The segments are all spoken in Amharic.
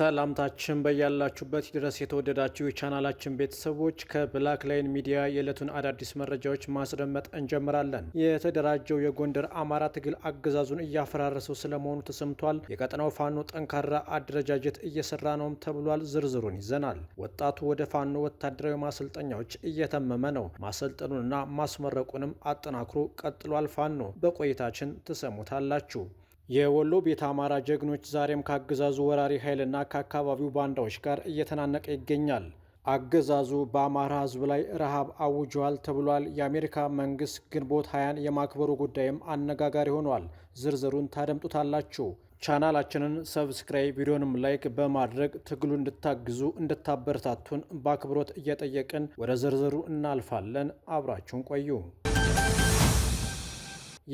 ሰላምታችን በያላችሁበት ድረስ የተወደዳችሁ የቻናላችን ቤተሰቦች ከብላክ ላይን ሚዲያ የዕለቱን አዳዲስ መረጃዎች ማስደመጥ እንጀምራለን። የተደራጀው የጎንደር አማራ ትግል አገዛዙን እያፈራረሰው ስለመሆኑ ተሰምቷል። የቀጠናው ፋኖ ጠንካራ አደረጃጀት እየሰራ ነውም ተብሏል። ዝርዝሩን ይዘናል። ወጣቱ ወደ ፋኖ ወታደራዊ ማሰልጠኛዎች እየተመመ ነው። ማሰልጠኑንና ማስመረቁንም አጠናክሮ ቀጥሏል። ፋኖ በቆይታችን ትሰሙታላችሁ። የወሎ ቤት አማራ ጀግኖች ዛሬም ከአገዛዙ ወራሪ ኃይልና ከአካባቢው ባንዳዎች ጋር እየተናነቀ ይገኛል። አገዛዙ በአማራ ሕዝብ ላይ ረሃብ አውጇል ተብሏል። የአሜሪካ መንግስት ግንቦት ሀያን የማክበሩ ጉዳይም አነጋጋሪ ሆኗል። ዝርዝሩን ታደምጡታላችሁ። ቻናላችንን ሰብስክራይብ፣ ቪዲዮንም ላይክ በማድረግ ትግሉ እንድታግዙ እንድታበረታቱን በአክብሮት እየጠየቅን ወደ ዝርዝሩ እናልፋለን። አብራችሁን ቆዩ።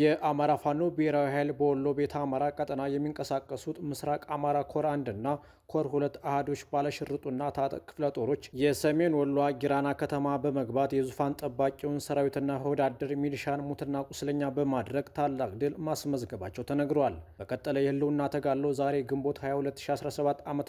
የአማራ ፋኖ ብሔራዊ ኃይል በወሎ ቤተ አማራ ቀጠና የሚንቀሳቀሱት ምስራቅ አማራ ኮር አንድና ኮር ሁለት አህዶች ባለሽርጡና ታጠቅ ክፍለ ጦሮች የሰሜን ወሎ ጊራና ከተማ በመግባት የዙፋን ጠባቂውን ሰራዊትና ወዳደር ሚሊሻን ሙትና ቁስለኛ በማድረግ ታላቅ ድል ማስመዝገባቸው ተነግረዋል። በቀጠለ የህልውና ተጋድሎ ዛሬ ግንቦት 22017 ዓ ዓ.ም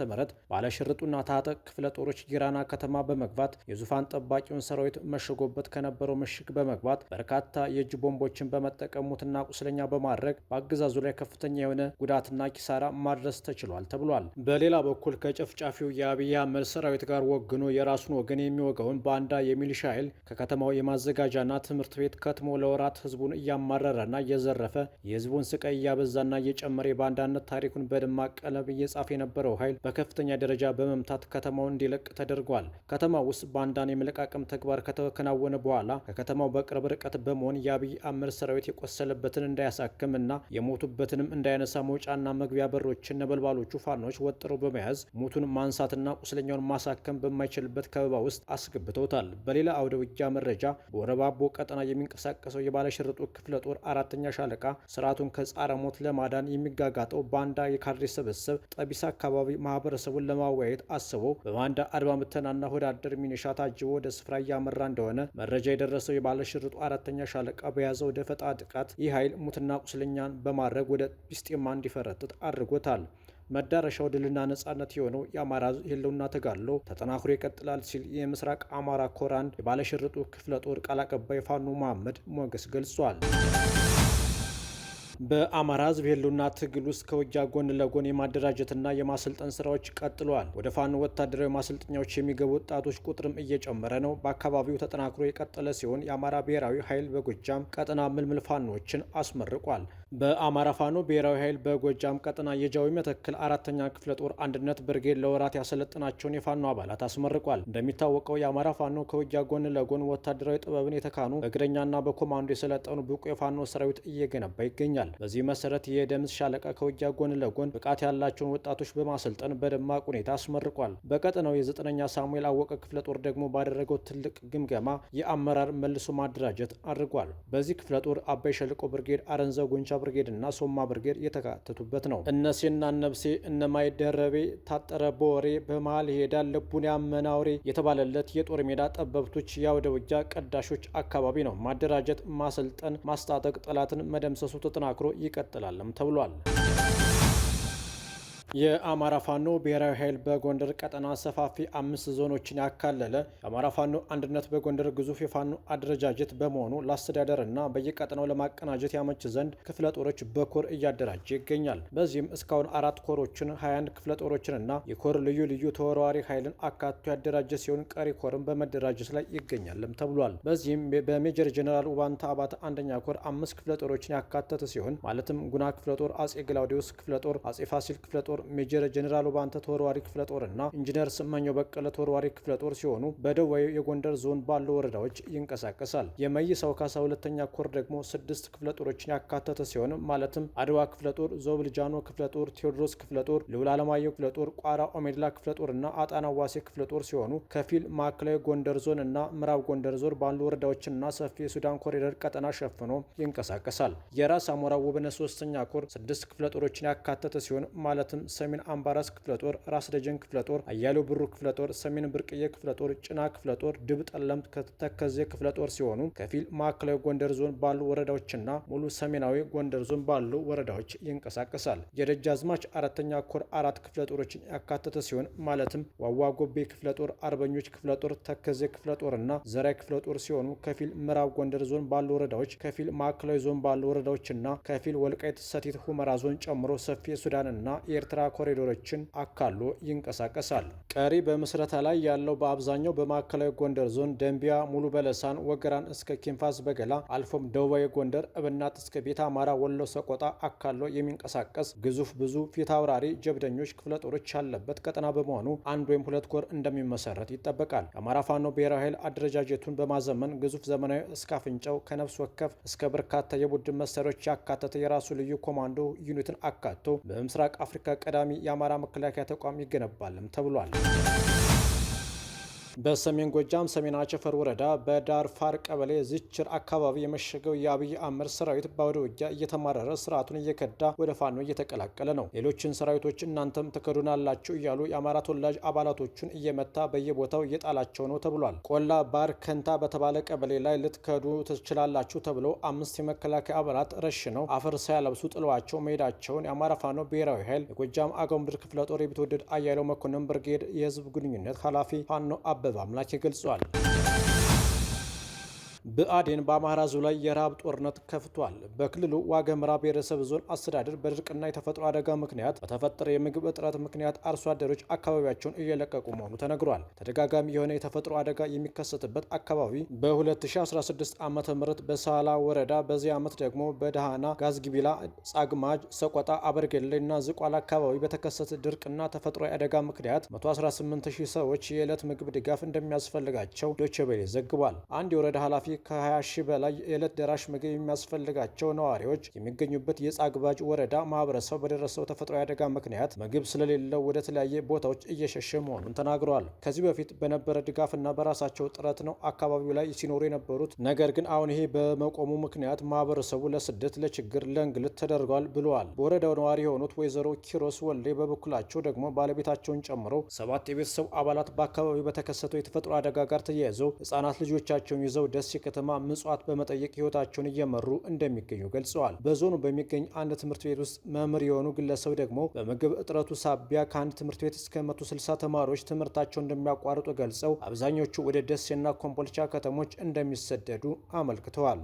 ባለሽርጡና ታጠቅ ክፍለ ጦሮች ጊራና ከተማ በመግባት የዙፋን ጠባቂውን ሰራዊት መሽጎበት ከነበረው ምሽግ በመግባት በርካታ የእጅ ቦምቦችን በመጠቀሙ ሞትና ቁስለኛ በማድረግ በአገዛዙ ላይ ከፍተኛ የሆነ ጉዳትና ኪሳራ ማድረስ ተችሏል ተብሏል። በሌላ በኩል ከጨፍጫፊው የአብይ አህመድ ሰራዊት ጋር ወግኖ የራሱን ወገን የሚወጋውን ባንዳ የሚሊሻ ኃይል ከከተማው የማዘጋጃና ትምህርት ቤት ከትሞ ለወራት ህዝቡን እያማረረና እየዘረፈ የህዝቡን ስቃይ እያበዛና እየጨመረ የባንዳነት ታሪኩን በደማቅ ቀለም እየጻፈ የነበረው ኃይል በከፍተኛ ደረጃ በመምታት ከተማውን እንዲለቅ ተደርጓል። ከተማ ውስጥ ባንዳን የመለቃቀም ተግባር ከተከናወነ በኋላ ከከተማው በቅርብ ርቀት በመሆን የአብይ አህመድ ሰራዊት የቆሰለ የቆሰለበትን እንዳያሳክምና የሞቱበትንም እንዳያነሳ መውጫና መግቢያ በሮችን ነበልባሎቹ ፋኖች ወጥረው በመያዝ ሞቱን ማንሳትና ቁስለኛውን ማሳከም በማይችልበት ከበባ ውስጥ አስገብተውታል። በሌላ አውደ ውጊያ መረጃ በወረባቦ ቀጠና የሚንቀሳቀሰው የባለሽርጡ ክፍለ ጦር አራተኛ ሻለቃ ስርዓቱን ከጻረ ሞት ለማዳን የሚጋጋጠው ባንዳ የካድሬ ስብስብ ጠቢስ አካባቢ ማህበረሰቡን ለማወያየት አስበው በባንዳ አድባ ምተናና ወዳደር ሚኒሻ ታጅቦ ወደ ስፍራ እያመራ እንደሆነ መረጃ የደረሰው የባለሽርጡ አራተኛ ሻለቃ በያዘው ደፈጣ ጥቃት ይህ ኃይል ሙትና ቁስለኛን በማድረግ ወደ ቢስጤማ እንዲፈረጥጥ አድርጎታል። መዳረሻው ድልና ነጻነት የሆነው የአማራ የህልውና ተጋድሎ ተጠናክሮ ይቀጥላል ሲል የምስራቅ አማራ ኮራንድ የባለሽርጡ ክፍለ ጦር ቃል አቀባይ ፋኖ መሐመድ ሞገስ ገልጿል። በአማራ ህዝብ የህልውና ትግል ውስጥ ከውጊያ ጎን ለጎን የማደራጀትና የማሰልጠን ስራዎች ቀጥለዋል። ወደ ፋኖ ወታደራዊ ማሰልጠኛዎች የሚገቡ ወጣቶች ቁጥርም እየጨመረ ነው። በአካባቢው ተጠናክሮ የቀጠለ ሲሆን የአማራ ብሔራዊ ኃይል በጎጃም ቀጠና ምልምል ፋኖዎችን አስመርቋል። በአማራ ፋኖ ብሔራዊ ኃይል በጎጃም ቀጠና የጃዊ መተክል አራተኛ ክፍለ ጦር አንድነት ብርጌድ ለወራት ያሰለጥናቸውን የፋኖ አባላት አስመርቋል። እንደሚታወቀው የአማራ ፋኖ ከውጊያ ጎን ለጎን ወታደራዊ ጥበብን የተካኑ በእግረኛና በኮማንዶ የሰለጠኑ ብቁ የፋኖ ሰራዊት እየገነባ ይገኛል። በዚህ መሰረት የደምስ ሻለቃ ከውጊያ ጎን ለጎን ብቃት ያላቸውን ወጣቶች በማሰልጠን በደማቅ ሁኔታ አስመርቋል። በቀጠናው የዘጠነኛ ሳሙኤል አወቀ ክፍለ ጦር ደግሞ ባደረገው ትልቅ ግምገማ የአመራር መልሶ ማደራጀት አድርጓል። በዚህ ክፍለ ጦር አባይ ሸልቆ ብርጌድ አረንዘ ጉንቻ ብርጌድ እና ሶማ ብርጌድ የተካተቱበት ነው። እነሴና ነብሴ እነማይደረቤ ታጠረ ቦሬ በመሃል ይሄዳል ልቡን ያመነ የተባለለት የጦር ሜዳ ጠበብቶች የአውደ ውጊያ ቀዳሾች አካባቢ ነው። ማደራጀት፣ ማሰልጠን፣ ማስታጠቅ ጠላትን መደምሰሱ ተጠናክሮ ይቀጥላልም ተብሏል። የአማራ ፋኖ ብሔራዊ ኃይል በጎንደር ቀጠና ሰፋፊ አምስት ዞኖችን ያካለለ የአማራ ፋኖ አንድነት በጎንደር ግዙፍ የፋኖ አደረጃጀት በመሆኑ ለአስተዳደር እና በየቀጠናው ለማቀናጀት ያመች ዘንድ ክፍለ ጦሮች በኮር እያደራጀ ይገኛል። በዚህም እስካሁን አራት ኮሮችን፣ 21 ክፍለ ጦሮችንና የኮር ልዩ ልዩ ተወርዋሪ ኃይልን አካቶ ያደራጀ ሲሆን ቀሪ ኮርም በመደራጀት ላይ ይገኛልም ተብሏል። በዚህም በሜጀር ጀኔራል ውባንታ አባተ አንደኛ ኮር አምስት ክፍለ ጦሮችን ያካተተ ሲሆን ማለትም ጉና ክፍለ ጦር፣ አጼ ግላውዲዮስ ክፍለ ጦር፣ አጼ ፋሲል ክፍለ ጦር ሜጀር ጀኔራል ባንተ ተወርዋሪ ክፍለ ጦርና ኢንጂነር ስመኘው በቀለ ተወርዋሪ ክፍለ ጦር ሲሆኑ በደቡባዊ የጎንደር ዞን ባሉ ወረዳዎች ይንቀሳቀሳል። የመይሳው ካሳ ሁለተኛ ኮር ደግሞ ስድስት ክፍለ ጦሮችን ያካተተ ሲሆን ማለትም አድዋ ክፍለ ጦር፣ ዞብልጃኖ ክፍለ ጦር፣ ቴዎድሮስ ክፍለ ጦር፣ ልዑል አለማየሁ ክፍለ ጦር፣ ቋራ ኦሜድላ ክፍለ ጦር እና አጣና ዋሴ ክፍለ ጦር ሲሆኑ ከፊል ማዕከላዊ ጎንደር ዞን እና ምዕራብ ጎንደር ዞን ባሉ ወረዳዎችና ሰፊ የሱዳን ኮሪደር ቀጠና ሸፍኖ ይንቀሳቀሳል። የራስ አሞራ ውብነ ሶስተኛ ኮር ስድስት ክፍለ ጦሮችን ያካተተ ሲሆን ማለትም ሰሜን አምባራስ ክፍለ ጦር፣ ራስ ደጀን ክፍለ ጦር፣ አያሌው ብሩ ክፍለ ጦር፣ ሰሜን ብርቅዬ ክፍለ ጦር፣ ጭና ክፍለ ጦር፣ ድብ ጠለምት ከተከዜ ክፍለ ጦር ሲሆኑ ከፊል ማዕከላዊ ጎንደር ዞን ባሉ ወረዳዎችና ሙሉ ሰሜናዊ ጎንደር ዞን ባሉ ወረዳዎች ይንቀሳቀሳል። የደጃዝማች አራተኛ ኮር አራት ክፍለ ጦሮችን ያካተተ ሲሆን ማለትም ዋዋ ጎቤ ክፍለ ጦር፣ አርበኞች ክፍለ ጦር፣ ተከዜ ክፍለ ጦርና ዘራይ ክፍለ ጦር ሲሆኑ ከፊል ምዕራብ ጎንደር ዞን ባሉ ወረዳዎች፣ ከፊል ማዕከላዊ ዞን ባሉ ወረዳዎችና ከፊል ወልቃይት ሰቲት ሁመራ ዞን ጨምሮ ሰፊ የሱዳንና የኤርትራ የኤርትራ ኮሪዶሮችን አካሎ ይንቀሳቀሳል። ቀሪ በምስረታ ላይ ያለው በአብዛኛው በማዕከላዊ ጎንደር ዞን ደንቢያ፣ ሙሉ በለሳን፣ ወገራን እስከ ኪንፋስ በገላ አልፎም ደቡባዊ ጎንደር እብናት እስከ ቤተ አማራ፣ ወሎ፣ ሰቆጣ አካሎ የሚንቀሳቀስ ግዙፍ ብዙ ፊት አውራሪ ጀብደኞች ክፍለ ጦሮች ያለበት ቀጠና በመሆኑ አንድ ወይም ሁለት ኮር እንደሚመሰረት ይጠበቃል። የአማራ ፋኖ ብሔራዊ ኃይል አደረጃጀቱን በማዘመን ግዙፍ ዘመናዊ እስከ አፍንጫው ከነፍስ ወከፍ እስከ በርካታ የቡድን መሳሪያዎች ያካተተ የራሱ ልዩ ኮማንዶ ዩኒትን አካቶ በምስራቅ አፍሪካ ቀዳሚ የአማራ መከላከያ ተቋም ይገነባልም ተብሏል። በሰሜን ጎጃም ሰሜን አቸፈር ወረዳ በዳርፋር ቀበሌ ዝችር አካባቢ የመሸገው የአብይ አህመድ ሰራዊት በአውደ ውጊያ እየተማረረ ስርዓቱን እየከዳ ወደ ፋኖ እየተቀላቀለ ነው። ሌሎችን ሰራዊቶች እናንተም ትከዱናላችሁ እያሉ የአማራ ተወላጅ አባላቶቹን እየመታ በየቦታው እየጣላቸው ነው ተብሏል። ቆላ ባር ከንታ በተባለ ቀበሌ ላይ ልትከዱ ትችላላችሁ ተብሎ አምስት የመከላከያ አባላት ረሽነው አፈር ሳያለብሱ ጥለዋቸው መሄዳቸውን የአማራ ፋኖ ብሔራዊ ኃይል የጎጃም አገው ምድር ክፍለ ጦር የቢትወደድ አያሌው መኮንን ብርጌድ የህዝብ ግንኙነት ኃላፊ ፋኖ አበ አበባምላክ ገልጿል። ብአዴን በአማራ ዞን ላይ የረሃብ ጦርነት ከፍቷል። በክልሉ ዋገምራ ብሔረሰብ ዞን አስተዳደር በድርቅና የተፈጥሮ አደጋ ምክንያት በተፈጠረ የምግብ እጥረት ምክንያት አርሶ አደሮች አካባቢያቸውን እየለቀቁ መሆኑ ተነግሯል። ተደጋጋሚ የሆነ የተፈጥሮ አደጋ የሚከሰትበት አካባቢ በ2016 ዓ ም በሳላ ወረዳ፣ በዚህ ዓመት ደግሞ በደሃና ጋዝጊቢላ፣ ጻግማጅ፣ ሰቆጣ፣ አበርጌሌ እና ዝቋላ አካባቢ በተከሰተ ድርቅና ተፈጥሮ አደጋ ምክንያት 118000 ሰዎች የዕለት ምግብ ድጋፍ እንደሚያስፈልጋቸው ዶቼ ቬለ ዘግቧል። አንድ የወረዳ ኃላፊ ከ20 ሺህ በላይ የዕለት ደራሽ ምግብ የሚያስፈልጋቸው ነዋሪዎች የሚገኙበት የጻግባጅ ወረዳ ማህበረሰብ በደረሰው ተፈጥሯዊ አደጋ ምክንያት ምግብ ስለሌለው ወደ ተለያየ ቦታዎች እየሸሸ መሆኑን ተናግረዋል። ከዚህ በፊት በነበረ ድጋፍና በራሳቸው ጥረት ነው አካባቢው ላይ ሲኖሩ የነበሩት። ነገር ግን አሁን ይሄ በመቆሙ ምክንያት ማህበረሰቡ ለስደት፣ ለችግር፣ ለእንግልት ተደርጓል ብለዋል። በወረዳው ነዋሪ የሆኑት ወይዘሮ ኪሮስ ወልዴ በበኩላቸው ደግሞ ባለቤታቸውን ጨምሮ ሰባት የቤተሰብ አባላት በአካባቢው በተከሰተው የተፈጥሮ አደጋ ጋር ተያይዘው ህጻናት ልጆቻቸውን ይዘው ደሴ ከተማ ምጽዋት በመጠየቅ ህይወታቸውን እየመሩ እንደሚገኙ ገልጸዋል። በዞኑ በሚገኝ አንድ ትምህርት ቤት ውስጥ መምህር የሆኑ ግለሰብ ደግሞ በምግብ እጥረቱ ሳቢያ ከአንድ ትምህርት ቤት እስከ 160 ተማሪዎች ትምህርታቸውን እንደሚያቋርጡ ገልጸው አብዛኞቹ ወደ ደሴና ኮምቦልቻ ከተሞች እንደሚሰደዱ አመልክተዋል።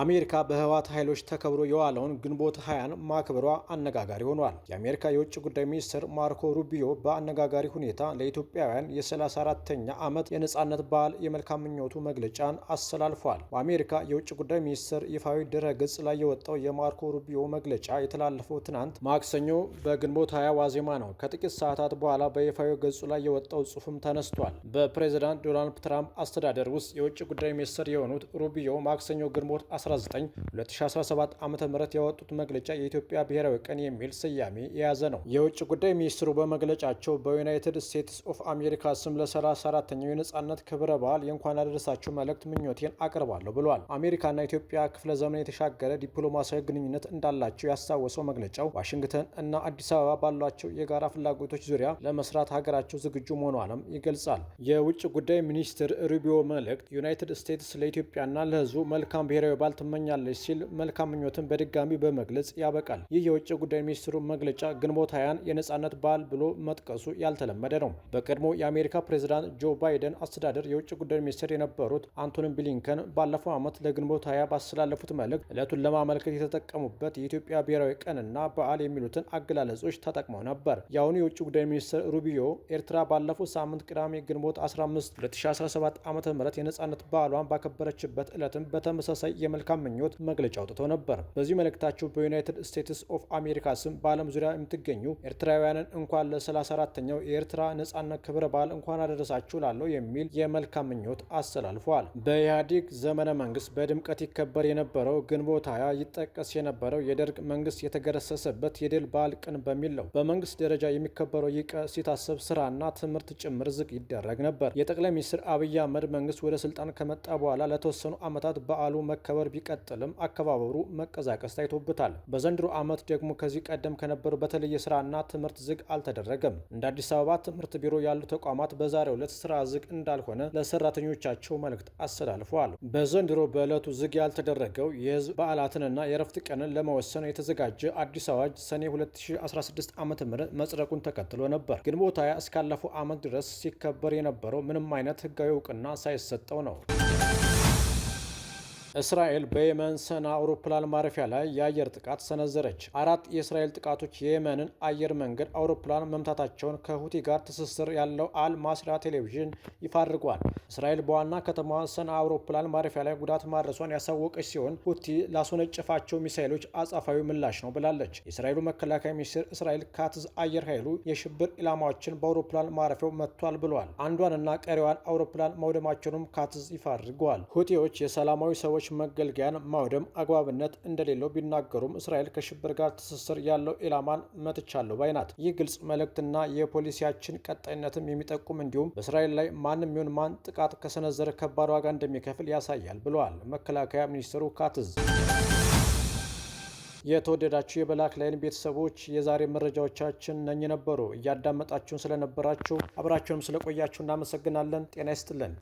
አሜሪካ በህወሓት ኃይሎች ተከብሮ የዋለውን ግንቦት ሀያን ማክበሯ አነጋጋሪ ሆኗል። የአሜሪካ የውጭ ጉዳይ ሚኒስትር ማርኮ ሩቢዮ በአነጋጋሪ ሁኔታ ለኢትዮጵያውያን የ34ተኛ ዓመት የነፃነት በዓል የመልካም ምኞቱ መግለጫን አስተላልፏል። በአሜሪካ የውጭ ጉዳይ ሚኒስትር ይፋዊ ድረ ገጽ ላይ የወጣው የማርኮ ሩቢዮ መግለጫ የተላለፈው ትናንት ማክሰኞ በግንቦት ሀያ ዋዜማ ነው። ከጥቂት ሰዓታት በኋላ በይፋዊ ገጹ ላይ የወጣው ጽሑፍም ተነስቷል። በፕሬዚዳንት ዶናልድ ትራምፕ አስተዳደር ውስጥ የውጭ ጉዳይ ሚኒስትር የሆኑት ሩቢዮ ማክሰኞ ግንቦት 19 2017 ዓ ም ያወጡት መግለጫ የኢትዮጵያ ብሔራዊ ቀን የሚል ስያሜ የያዘ ነው። የውጭ ጉዳይ ሚኒስትሩ በመግለጫቸው በዩናይትድ ስቴትስ ኦፍ አሜሪካ ስም ለ34ተኛው የነጻነት ክብረ በዓል የእንኳን አደረሳችሁ መልእክት ምኞቴን አቅርባለሁ ብሏል። አሜሪካና ኢትዮጵያ ክፍለ ዘመን የተሻገረ ዲፕሎማሲያዊ ግንኙነት እንዳላቸው ያስታወሰው መግለጫው ዋሽንግተን እና አዲስ አበባ ባሏቸው የጋራ ፍላጎቶች ዙሪያ ለመስራት ሀገራቸው ዝግጁ መሆኗንም ይገልጻል። የውጭ ጉዳይ ሚኒስትር ሩቢዮ መልእክት ዩናይትድ ስቴትስ ለኢትዮጵያና ለህዝቡ መልካም ብሔራዊ በዓል እንዲሻሻል ትመኛለች ሲል መልካም ምኞትን በድጋሚ በመግለጽ ያበቃል። ይህ የውጭ ጉዳይ ሚኒስትሩ መግለጫ ግንቦት ሃያን የነጻነት በዓል ብሎ መጥቀሱ ያልተለመደ ነው። በቀድሞ የአሜሪካ ፕሬዚዳንት ጆ ባይደን አስተዳደር የውጭ ጉዳይ ሚኒስትር የነበሩት አንቶኒ ብሊንከን ባለፈው ዓመት ለግንቦት ሃያ ባስተላለፉት መልእክት ዕለቱን ለማመልከት የተጠቀሙበት የኢትዮጵያ ብሔራዊ ቀንና በዓል የሚሉትን አገላለጾች ተጠቅመው ነበር። የአሁኑ የውጭ ጉዳይ ሚኒስትር ሩቢዮ ኤርትራ ባለፈው ሳምንት ቅዳሜ ግንቦት 15 2017 ዓ ም የነጻነት በዓሏን ባከበረችበት ዕለትም በተመሳሳይ የመልክ መልካም ምኞት መግለጫ አውጥተው ነበር። በዚሁ መልእክታቸው በዩናይትድ ስቴትስ ኦፍ አሜሪካ ስም በዓለም ዙሪያ የምትገኙ ኤርትራውያንን እንኳን ለ34ተኛው የኤርትራ ነጻነት ክብረ በዓል እንኳን አደረሳችሁ ላለው የሚል የመልካም ምኞት አስተላልፏል። በኢህአዴግ ዘመነ መንግስት በድምቀት ይከበር የነበረው ግንቦት ሃያ ይጠቀስ የነበረው የደርግ መንግስት የተገረሰሰበት የድል በዓል ቀን በሚል ነው። በመንግስት ደረጃ የሚከበረው ይቀ ቀን ሲታሰብ ስራና ትምህርት ጭምር ዝግ ይደረግ ነበር። የጠቅላይ ሚኒስትር አብይ አህመድ መንግስት ወደ ስልጣን ከመጣ በኋላ ለተወሰኑ ዓመታት በዓሉ መከበር መከባበር ቢቀጥልም አከባበሩ መቀዛቀስ ታይቶበታል። በዘንድሮ ዓመት ደግሞ ከዚህ ቀደም ከነበረው በተለየ ስራና ትምህርት ዝግ አልተደረገም። እንደ አዲስ አበባ ትምህርት ቢሮ ያሉ ተቋማት በዛሬው ዕለት ስራ ዝግ እንዳልሆነ ለሰራተኞቻቸው መልእክት አስተላልፈዋል። በዘንድሮ በዕለቱ ዝግ ያልተደረገው የህዝብ በዓላትንና የእረፍት ቀንን ለመወሰን የተዘጋጀ አዲስ አዋጅ ሰኔ 2016 ዓ ም መጽረቁን ተከትሎ ነበር። ግንቦት ሃያ እስካለፈው ዓመት ድረስ ሲከበር የነበረው ምንም አይነት ህጋዊ እውቅና ሳይሰጠው ነው። እስራኤል በየመን ሰና አውሮፕላን ማረፊያ ላይ የአየር ጥቃት ሰነዘረች። አራት የእስራኤል ጥቃቶች የየመንን አየር መንገድ አውሮፕላን መምታታቸውን ከሁቲ ጋር ትስስር ያለው አል ማስራ ቴሌቪዥን ይፋ አድርጓል። እስራኤል በዋና ከተማ ሰና አውሮፕላን ማረፊያ ላይ ጉዳት ማድረሷን ያሳወቀች ሲሆን ሁቲ ላስወነጨፋቸው ሚሳይሎች አጻፋዊ ምላሽ ነው ብላለች። የእስራኤሉ መከላከያ ሚኒስትር እስራኤል ካትዝ አየር ኃይሉ የሽብር ኢላማዎችን በአውሮፕላን ማረፊያው መጥቷል ብሏል። አንዷንና ቀሪዋን አውሮፕላን መውደማቸውንም ካትዝ ይፋ ሁቲዎች የሰላማዊ ሰዎች ሰዎች መገልገያን ማውደም አግባብነት እንደሌለው ቢናገሩም እስራኤል ከሽብር ጋር ትስስር ያለው ኢላማን መትቻለሁ ባይ ናት። ይህ ግልጽ መልእክትና የፖሊሲያችን ቀጣይነትም የሚጠቁም እንዲሁም በእስራኤል ላይ ማንም ይሁን ማን ጥቃት ከሰነዘረ ከባድ ዋጋ እንደሚከፍል ያሳያል ብለዋል መከላከያ ሚኒስትሩ ካትዝ። የተወደዳችሁ የበላክ ላይን ቤተሰቦች የዛሬ መረጃዎቻችን ነኝ ነበሩ። እያዳመጣችሁን ስለነበራችሁ አብራችሁንም ስለቆያችሁ እናመሰግናለን። ጤና ይስጥልን።